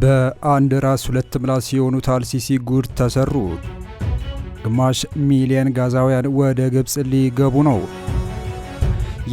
በአንድ ራስ ሁለት ምላስ የሆኑት አልሲሲ ጉድ ተሰሩ። ግማሽ ሚሊየን ጋዛውያን ወደ ግብፅ ሊገቡ ነው።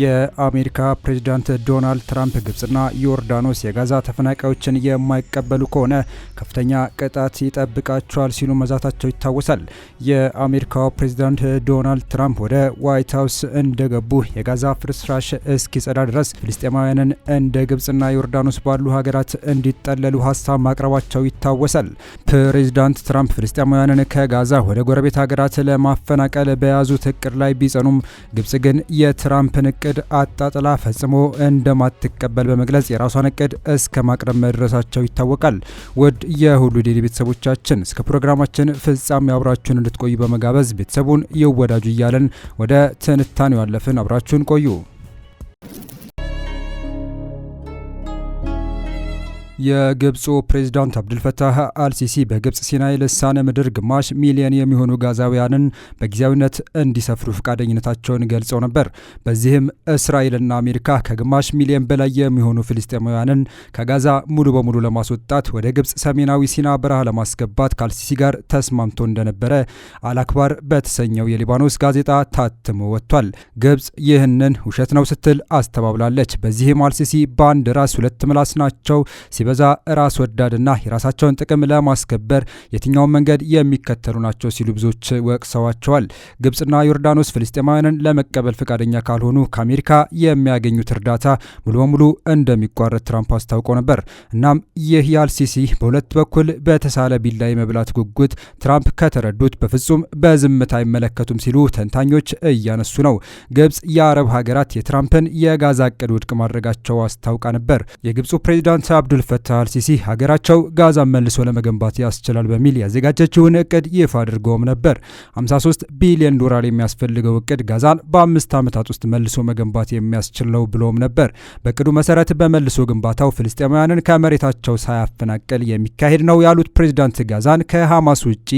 የአሜሪካ ፕሬዚዳንት ዶናልድ ትራምፕ ግብጽና ዮርዳኖስ የጋዛ ተፈናቃዮችን የማይቀበሉ ከሆነ ከፍተኛ ቅጣት ይጠብቃቸዋል ሲሉ መዛታቸው ይታወሳል። የአሜሪካው ፕሬዚዳንት ዶናልድ ትራምፕ ወደ ዋይት ሀውስ እንደገቡ የጋዛ ፍርስራሽ እስኪጸዳ ድረስ ፍልስጤማውያንን እንደ ግብጽና ዮርዳኖስ ባሉ ሀገራት እንዲጠለሉ ሀሳብ ማቅረባቸው ይታወሳል። ፕሬዚዳንት ትራምፕ ፍልስጤማውያንን ከጋዛ ወደ ጎረቤት ሀገራት ለማፈናቀል በያዙት እቅድ ላይ ቢጸኑም ግብጽ ግን የትራምፕን እቅድ አጣጥላ ፈጽሞ እንደማትቀበል በመግለጽ የራሷን እቅድ እስከ ማቅረብ መድረሳቸው ይታወቃል። ውድ የሁሉ ዴይሊ ቤተሰቦቻችን እስከ ፕሮግራማችን ፍጻሜ አብራችሁን እንድትቆዩ በመጋበዝ ቤተሰቡን ይወዳጁ እያለን ወደ ትንታኔው ያለፍን አብራችሁን ቆዩ። የግብፁ ፕሬዚዳንት አብዱልፈታህ አልሲሲ በግብፅ ሲናይ ልሳነ ምድር ግማሽ ሚሊየን የሚሆኑ ጋዛውያንን በጊዜያዊነት እንዲሰፍሩ ፈቃደኝነታቸውን ገልጸው ነበር። በዚህም እስራኤልና አሜሪካ ከግማሽ ሚሊየን በላይ የሚሆኑ ፊልስጤማውያንን ከጋዛ ሙሉ በሙሉ ለማስወጣት ወደ ግብፅ ሰሜናዊ ሲና በረሃ ለማስገባት ከአልሲሲ ጋር ተስማምቶ እንደነበረ አልአክባር በተሰኘው የሊባኖስ ጋዜጣ ታትሞ ወጥቷል። ግብፅ ይህንን ውሸት ነው ስትል አስተባብላለች። በዚህም አልሲሲ በአንድ ራስ ሁለት ምላስ ናቸው ሲበዛ ራስ ወዳድና የራሳቸውን ጥቅም ለማስከበር የትኛውን መንገድ የሚከተሉ ናቸው ሲሉ ብዙዎች ወቅሰዋቸዋል። ግብጽና ዮርዳኖስ ፍልስጤማውያንን ለመቀበል ፈቃደኛ ካልሆኑ ከአሜሪካ የሚያገኙት እርዳታ ሙሉ በሙሉ እንደሚቋረጥ ትራምፕ አስታውቀው ነበር። እናም ይህ የአልሲሲ በሁለት በኩል በተሳለ ቢላ የመብላት ጉጉት ትራምፕ ከተረዱት በፍጹም በዝምታ አይመለከቱም ሲሉ ተንታኞች እያነሱ ነው። ግብጽ የአረብ ሀገራት የትራምፕን የጋዛ እቅድ ውድቅ ማድረጋቸው አስታውቃ ነበር። የግብፁ ፕሬዚዳንት አብዱል ፈታህ አልሲሲ ሀገራቸው ጋዛን መልሶ ለመገንባት ያስችላል በሚል ያዘጋጀችውን እቅድ ይፋ አድርገውም ነበር። 53 ቢሊዮን ዶላር የሚያስፈልገው እቅድ ጋዛን በአምስት ዓመታት ውስጥ መልሶ መገንባት የሚያስችለው ብሎም ነበር። በእቅዱ መሰረት በመልሶ ግንባታው ፍልስጤማውያንን ከመሬታቸው ሳያፈናቀል የሚካሄድ ነው ያሉት ፕሬዚዳንት ጋዛን ከሐማስ ውጭ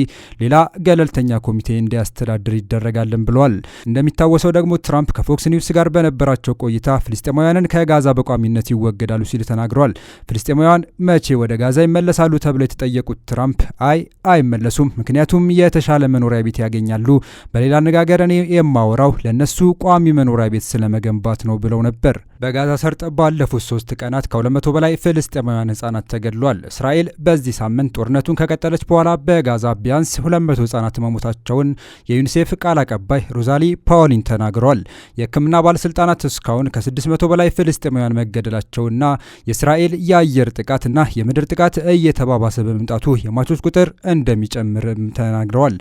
ሌላ ገለልተኛ ኮሚቴ እንዲያስተዳድር ይደረጋልን ብለዋል። እንደሚታወሰው ደግሞ ትራምፕ ከፎክስ ኒውስ ጋር በነበራቸው ቆይታ ፍልስጤማውያንን ከጋዛ በቋሚነት ይወገዳሉ ሲል ተናግረዋል። ባለሙያዋን መቼ ወደ ጋዛ ይመለሳሉ ተብለው የተጠየቁት ትራምፕ አይ አይመለሱም፣ ምክንያቱም የተሻለ መኖሪያ ቤት ያገኛሉ፣ በሌላ አነጋገር እኔ የማወራው ለእነሱ ቋሚ መኖሪያ ቤት ስለመገንባት ነው ብለው ነበር። በጋዛ ሰርጥ ባለፉት ሶስት ቀናት ከ200 በላይ ፍልስጤማውያን ህጻናት ተገድሏል። እስራኤል በዚህ ሳምንት ጦርነቱን ከቀጠለች በኋላ በጋዛ ቢያንስ 200 ህጻናት መሞታቸውን የዩኒሴፍ ቃል አቀባይ ሮዛሊ ፓውሊን ተናግሯል። የህክምና ባለስልጣናት እስካሁን ከ600 በላይ ፍልስጤማውያን መገደላቸውና የእስራኤል የአየር ጥቃትና የምድር ጥቃት እየተባባሰ በመምጣቱ የሟቾች ቁጥር እንደሚጨምርም ተናግረዋል።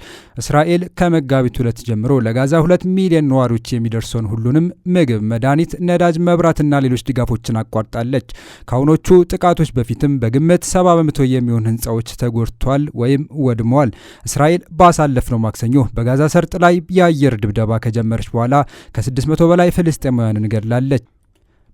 እስራኤል ከመጋቢት ሁለት ጀምሮ ለጋዛ 2 ሚሊዮን ነዋሪዎች የሚደርሰውን ሁሉንም ምግብ፣ መድኃኒት፣ ነዳጅ፣ መብራት ክትባትና ሌሎች ድጋፎችን አቋርጣለች። ከአሁኖቹ ጥቃቶች በፊትም በግምት 70 በመቶ የሚሆን ህንፃዎች ተጎድቷል ወይም ወድመዋል። እስራኤል ባሳለፍነው ማክሰኞ በጋዛ ሰርጥ ላይ የአየር ድብደባ ከጀመረች በኋላ ከ600 በላይ ፍልስጤማውያንን ገድላለች።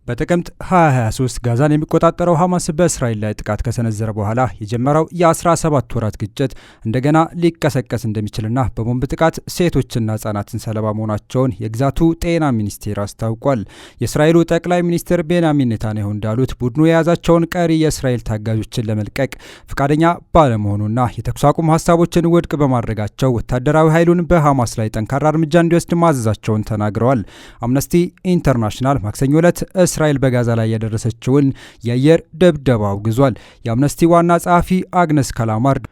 በጥቅምት 2023 ጋዛን የሚቆጣጠረው ሐማስ በእስራኤል ላይ ጥቃት ከሰነዘረ በኋላ የጀመረው የ17 ወራት ግጭት እንደገና ሊቀሰቀስ እንደሚችልና በቦምብ ጥቃት ሴቶችና ህጻናትን ሰለባ መሆናቸውን የግዛቱ ጤና ሚኒስቴር አስታውቋል። የእስራኤሉ ጠቅላይ ሚኒስትር ቤንያሚን ኔታንያሁ እንዳሉት ቡድኑ የያዛቸውን ቀሪ የእስራኤል ታጋዦችን ለመልቀቅ ፈቃደኛ ባለመሆኑና የተኩስ አቁም ሀሳቦችን ውድቅ በማድረጋቸው ወታደራዊ ኃይሉን በሐማስ ላይ ጠንካራ እርምጃ እንዲወስድ ማዘዛቸውን ተናግረዋል። አምነስቲ ኢንተርናሽናል ማክሰኞ ዕለት እስራኤል በጋዛ ላይ ያደረሰችውን የአየር ድብደባ አውግዟል። የአምነስቲ ዋና ጸሐፊ አግነስ ካላማርድ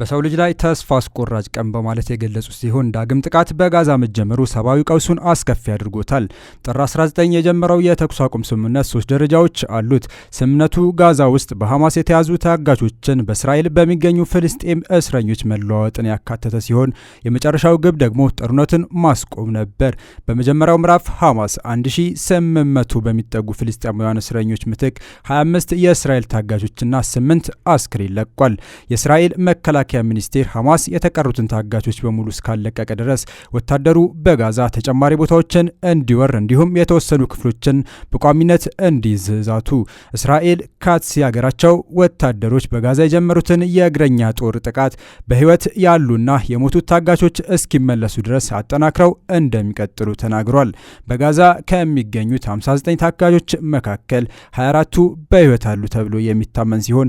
በሰው ልጅ ላይ ተስፋ አስቆራጭ ቀን በማለት የገለጹ ሲሆን ዳግም ጥቃት በጋዛ መጀመሩ ሰብአዊ ቀውሱን አስከፊ አድርጎታል። ጥር 19 የጀመረው የተኩስ አቁም ስምምነት ሶስት ደረጃዎች አሉት። ስምምነቱ ጋዛ ውስጥ በሐማስ የተያዙ ታጋቾችን በእስራኤል በሚገኙ ፍልስጤም እስረኞች መለዋወጥን ያካተተ ሲሆን የመጨረሻው ግብ ደግሞ ጦርነትን ማስቆም ነበር። በመጀመሪያው ምዕራፍ ሐማስ 1800 በሚጠጉ ፍልስጤማውያን እስረኞች ምትክ 25 የእስራኤል ታጋቾችና 8 አስክሬን ለቋል። የእስራኤል መከላ። መከላከያ ሚኒስቴር ሐማስ የተቀሩትን ታጋቾች በሙሉ እስካለቀቀ ድረስ ወታደሩ በጋዛ ተጨማሪ ቦታዎችን እንዲወር እንዲሁም የተወሰኑ ክፍሎችን በቋሚነት እንዲዝዛቱ እስራኤል ካትስ ያገራቸው ወታደሮች በጋዛ የጀመሩትን የእግረኛ ጦር ጥቃት በህይወት ያሉና የሞቱት ታጋቾች እስኪመለሱ ድረስ አጠናክረው እንደሚቀጥሉ ተናግሯል። በጋዛ ከሚገኙት 59 ታጋቾች መካከል 24ቱ በህይወት አሉ ተብሎ የሚታመን ሲሆን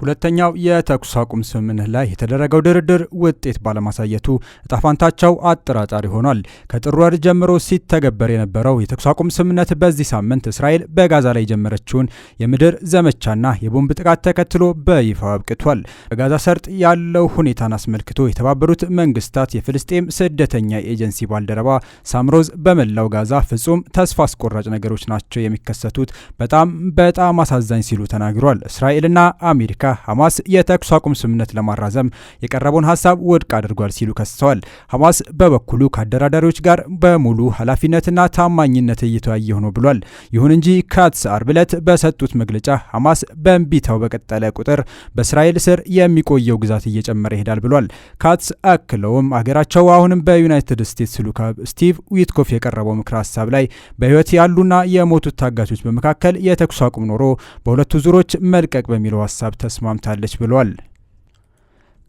ሁለተኛው የተኩስ አቁም ስምምነት ላይ የተደረገው ድርድር ውጤት ባለማሳየቱ እጣፋንታቸው አጠራጣሪ ሆኗል። ከጥር ወር ጀምሮ ሲተገበር የነበረው የተኩስ አቁም ስምምነት በዚህ ሳምንት እስራኤል በጋዛ ላይ የጀመረችውን የምድር ዘመቻና የቦምብ ጥቃት ተከትሎ በይፋ አብቅቷል። በጋዛ ሰርጥ ያለው ሁኔታን አስመልክቶ የተባበሩት መንግስታት የፍልስጤም ስደተኛ ኤጀንሲ ባልደረባ ሳምሮዝ በመላው ጋዛ ፍጹም ተስፋ አስቆራጭ ነገሮች ናቸው የሚከሰቱት፣ በጣም በጣም አሳዛኝ ሲሉ ተናግሯል። እስራኤልና አሜሪካ ሐማስ የተኩስ አቁም ስምምነት ለማራዘም የቀረበውን ሀሳብ ውድቅ አድርጓል ሲሉ ከስተዋል። ሐማስ በበኩሉ ከአደራዳሪዎች ጋር በሙሉ ኃላፊነትና ታማኝነት እየተወያየ ነው ብሏል። ይሁን እንጂ ካትስ አርብ ዕለት በሰጡት መግለጫ ሐማስ በእንቢታው በቀጠለ ቁጥር በእስራኤል ስር የሚቆየው ግዛት እየጨመረ ይሄዳል ብሏል። ካትስ አክለውም አገራቸው አሁንም በዩናይትድ ስቴትስ ልዑክ ስቲቭ ዊትኮፍ የቀረበው ምክር ሀሳብ ላይ በሕይወት ያሉና የሞቱት ታጋቾች በመካከል የተኩስ አቁም ኖሮ በሁለቱ ዙሮች መልቀቅ በሚለው ሀሳብ ተስማምታለች ብሏል።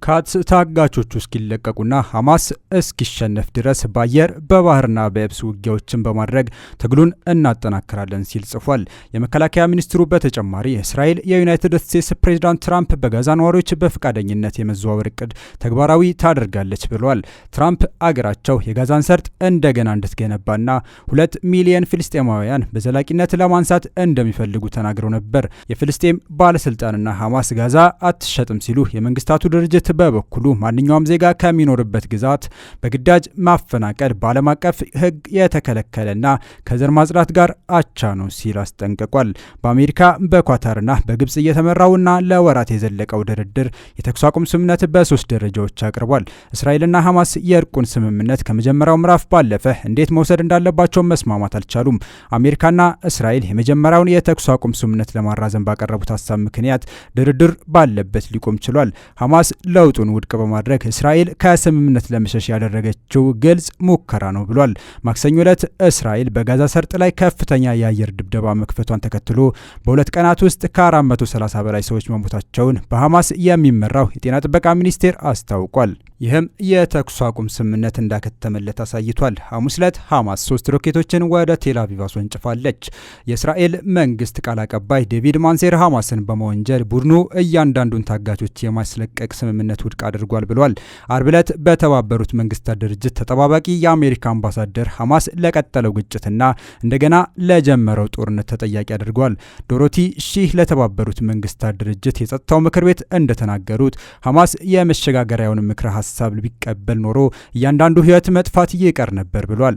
ከታጋቾቹ እስኪለቀቁና ሐማስ እስኪሸነፍ ድረስ በአየር በባህርና በየብስ ውጊያዎችን በማድረግ ትግሉን እናጠናክራለን ሲል ጽፏል። የመከላከያ ሚኒስትሩ በተጨማሪ የእስራኤል የዩናይትድ ስቴትስ ፕሬዚዳንት ትራምፕ በጋዛ ነዋሪዎች በፈቃደኝነት የመዘዋወር እቅድ ተግባራዊ ታደርጋለች ብለዋል። ትራምፕ አገራቸው የጋዛን ሰርጥ እንደገና እንድትገነባና ሁለት ሚሊየን ፊልስጤማውያን በዘላቂነት ለማንሳት እንደሚፈልጉ ተናግረው ነበር። የፍልስጤም ባለስልጣንና ሐማስ ጋዛ አትሸጥም ሲሉ የመንግስታቱ ድርጅት በበኩሉ ማንኛውም ዜጋ ከሚኖርበት ግዛት በግዳጅ ማፈናቀል በዓለም አቀፍ ሕግ የተከለከለና ከዘር ማጽዳት ጋር አቻ ነው ሲል አስጠንቅቋል። በአሜሪካ በኳታርና በግብጽ እየተመራውና ለወራት የዘለቀው ድርድር የተኩስ አቁም ስምምነት በሶስት ደረጃዎች አቅርቧል። እስራኤልና ሐማስ የእርቁን ስምምነት ከመጀመሪያው ምዕራፍ ባለፈ እንዴት መውሰድ እንዳለባቸው መስማማት አልቻሉም። አሜሪካና እስራኤል የመጀመሪያውን የተኩስ አቁም ስምምነት ለማራዘም ባቀረቡት ሀሳብ ምክንያት ድርድር ባለበት ሊቆም ችሏል። ሐማስ ለ ለውጡን ውድቅ በማድረግ እስራኤል ከስምምነት ለመሸሽ ያደረገችው ግልጽ ሙከራ ነው ብሏል። ማክሰኞ ዕለት እስራኤል በጋዛ ሰርጥ ላይ ከፍተኛ የአየር ድብደባ መክፈቷን ተከትሎ በሁለት ቀናት ውስጥ ከ430 በላይ ሰዎች መሞታቸውን በሐማስ የሚመራው የጤና ጥበቃ ሚኒስቴር አስታውቋል። ይህም የተኩስ አቁም ስምምነት እንዳከተመለት አሳይቷል። ሐሙስ ዕለት ሐማስ ሶስት ሮኬቶችን ወደ ቴል አስወንጭፋለች። የእስራኤል መንግስት ቃል አቀባይ ዴቪድ ማንሴር ሐማስን በመወንጀል ቡድኑ እያንዳንዱን ታጋቾች የማስለቀቅ ስምምነት ስምምነት ውድቅ አድርጓል ብሏል። አርብ ዕለት በተባበሩት መንግስታት ድርጅት ተጠባባቂ የአሜሪካ አምባሳደር ሐማስ ለቀጠለው ግጭትና እንደገና ለጀመረው ጦርነት ተጠያቂ አድርጓል። ዶሮቲ ሺህ ለተባበሩት መንግስታት ድርጅት የጸጥታው ምክር ቤት እንደተናገሩት ሐማስ የመሸጋገሪያውን ምክረ ሀሳብ ቢቀበል ኖሮ እያንዳንዱ ህይወት መጥፋት ይቀር ነበር ብሏል።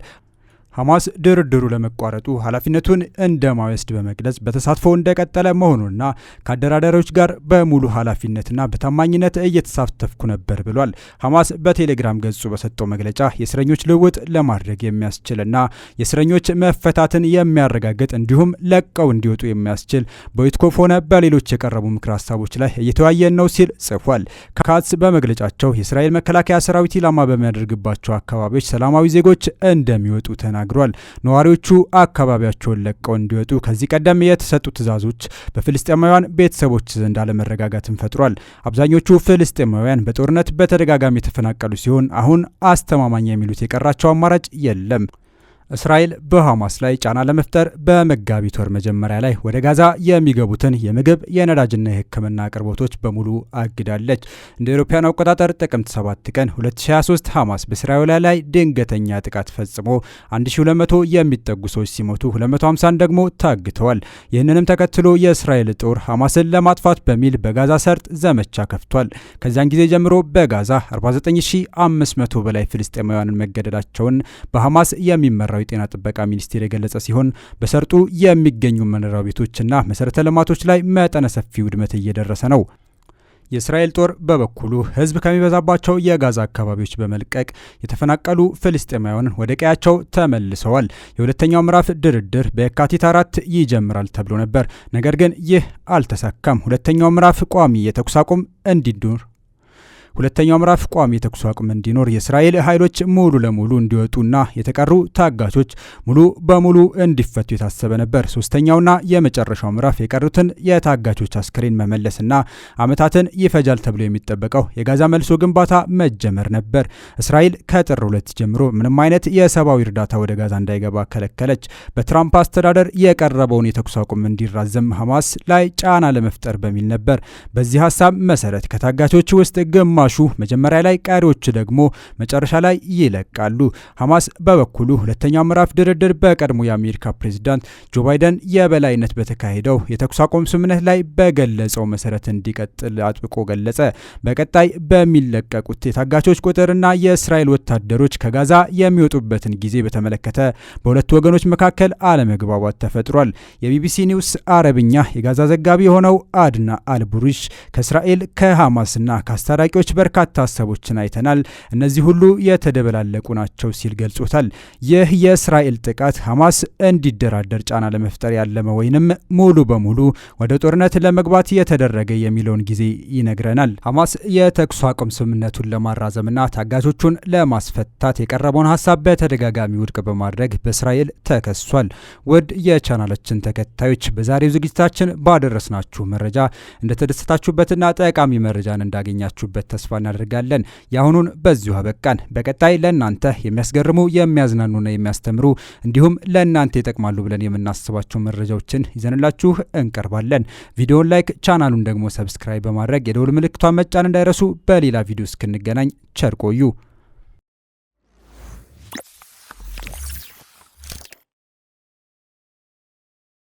ሐማስ ድርድሩ ለመቋረጡ ኃላፊነቱን እንደማይወስድ በመግለጽ በተሳትፎ እንደቀጠለ መሆኑንና ከአደራዳሪዎች ጋር በሙሉ ኃላፊነትና በታማኝነት እየተሳተፍኩ ነበር ብሏል። ሐማስ በቴሌግራም ገጹ በሰጠው መግለጫ የእስረኞች ልውውጥ ለማድረግ የሚያስችልና የእስረኞች መፈታትን የሚያረጋግጥ እንዲሁም ለቀው እንዲወጡ የሚያስችል በዊትኮፍ ሆነ በሌሎች የቀረቡ ምክር ሀሳቦች ላይ እየተወያየን ነው ሲል ጽፏል። ካትስ በመግለጫቸው የእስራኤል መከላከያ ሰራዊት ኢላማ በሚያደርግባቸው አካባቢዎች ሰላማዊ ዜጎች እንደሚወጡ ተናግ ተናግሯል። ነዋሪዎቹ አካባቢያቸውን ለቀው እንዲወጡ ከዚህ ቀደም የተሰጡ ትዕዛዞች በፍልስጤማውያን ቤተሰቦች ዘንድ አለመረጋጋትን ፈጥሯል። አብዛኞቹ ፍልስጤማውያን በጦርነት በተደጋጋሚ የተፈናቀሉ ሲሆን አሁን አስተማማኝ የሚሉት የቀራቸው አማራጭ የለም። እስራኤል በሐማስ ላይ ጫና ለመፍጠር በመጋቢት ወር መጀመሪያ ላይ ወደ ጋዛ የሚገቡትን የምግብ የነዳጅና የሕክምና አቅርቦቶች በሙሉ አግዳለች። እንደ አውሮፓውያን አቆጣጠር ጥቅምት 7 ቀን 2023 ሐማስ በእስራኤል ላይ ድንገተኛ ጥቃት ፈጽሞ 1200 የሚጠጉ ሰዎች ሲሞቱ 250 ደግሞ ታግተዋል። ይህንንም ተከትሎ የእስራኤል ጦር ሐማስን ለማጥፋት በሚል በጋዛ ሰርጥ ዘመቻ ከፍቷል። ከዚያን ጊዜ ጀምሮ በጋዛ 49500 በላይ ፍልስጤማውያንን መገደላቸውን በሐማስ የሚመራ ብሔራዊ ጤና ጥበቃ ሚኒስቴር የገለጸ ሲሆን በሰርጡ የሚገኙ መኖሪያ ቤቶችና መሰረተ ልማቶች ላይ መጠነ ሰፊ ውድመት እየደረሰ ነው። የእስራኤል ጦር በበኩሉ ሕዝብ ከሚበዛባቸው የጋዛ አካባቢዎች በመልቀቅ የተፈናቀሉ ፍልስጤማውያን ወደ ቀያቸው ተመልሰዋል። የሁለተኛው ምዕራፍ ድርድር በየካቲት አራት ይጀምራል ተብሎ ነበር። ነገር ግን ይህ አልተሳካም። ሁለተኛው ምዕራፍ ቋሚ የተኩስ አቁም እንዲዱር ሁለተኛው ምዕራፍ ቋሚ የተኩስ አቁም እንዲኖር የእስራኤል ኃይሎች ሙሉ ለሙሉ እንዲወጡና የተቀሩ ታጋቾች ሙሉ በሙሉ እንዲፈቱ የታሰበ ነበር። ሶስተኛውና የመጨረሻው ምዕራፍ የቀሩትን የታጋቾች አስክሬን መመለስና ዓመታትን ይፈጃል ተብሎ የሚጠበቀው የጋዛ መልሶ ግንባታ መጀመር ነበር። እስራኤል ከጥር ሁለት ጀምሮ ምንም አይነት የሰብአዊ እርዳታ ወደ ጋዛ እንዳይገባ ከለከለች። በትራምፕ አስተዳደር የቀረበውን የተኩስ አቁም እንዲራዘም ሐማስ ላይ ጫና ለመፍጠር በሚል ነበር። በዚህ ሀሳብ መሰረት ከታጋቾች ውስጥ ግማ ግማሹ መጀመሪያ ላይ፣ ቀሪዎች ደግሞ መጨረሻ ላይ ይለቃሉ። ሐማስ በበኩሉ ሁለተኛው ምዕራፍ ድርድር በቀድሞ የአሜሪካ ፕሬዚዳንት ጆ ባይደን የበላይነት በተካሄደው የተኩስ አቁም ስምምነት ላይ በገለጸው መሰረት እንዲቀጥል አጥብቆ ገለጸ። በቀጣይ በሚለቀቁት የታጋቾች ቁጥርና የእስራኤል ወታደሮች ከጋዛ የሚወጡበትን ጊዜ በተመለከተ በሁለቱ ወገኖች መካከል አለመግባባት ተፈጥሯል። የቢቢሲ ኒውስ አረብኛ የጋዛ ዘጋቢ የሆነው አድና አልቡሪሽ ከእስራኤል ከሐማስና ከአስታራቂዎች በርካታ ሀሳቦችን አይተናል። እነዚህ ሁሉ የተደበላለቁ ናቸው ሲል ገልጾታል። ይህ የእስራኤል ጥቃት ሐማስ እንዲደራደር ጫና ለመፍጠር ያለመ ወይንም ሙሉ በሙሉ ወደ ጦርነት ለመግባት የተደረገ የሚለውን ጊዜ ይነግረናል። ሐማስ የተኩስ አቁም ስምምነቱን ለማራዘምና ታጋቾቹን ለማስፈታት የቀረበውን ሀሳብ በተደጋጋሚ ውድቅ በማድረግ በእስራኤል ተከሷል። ውድ የቻናላችን ተከታዮች በዛሬው ዝግጅታችን ባደረስናችሁ መረጃ እንደተደሰታችሁበትና ጠቃሚ መረጃን እንዳገኛችሁበት ተስፋ እናደርጋለን። የአሁኑን በዚሁ አበቃን። በቀጣይ ለእናንተ የሚያስገርሙ የሚያዝናኑና የሚያስተምሩ እንዲሁም ለእናንተ ይጠቅማሉ ብለን የምናስባቸው መረጃዎችን ይዘንላችሁ እንቀርባለን። ቪዲዮን ላይክ፣ ቻናሉን ደግሞ ሰብስክራይብ በማድረግ የደውል ምልክቷን መጫን እንዳይረሱ። በሌላ ቪዲዮ እስክንገናኝ ቸር ቆዩ።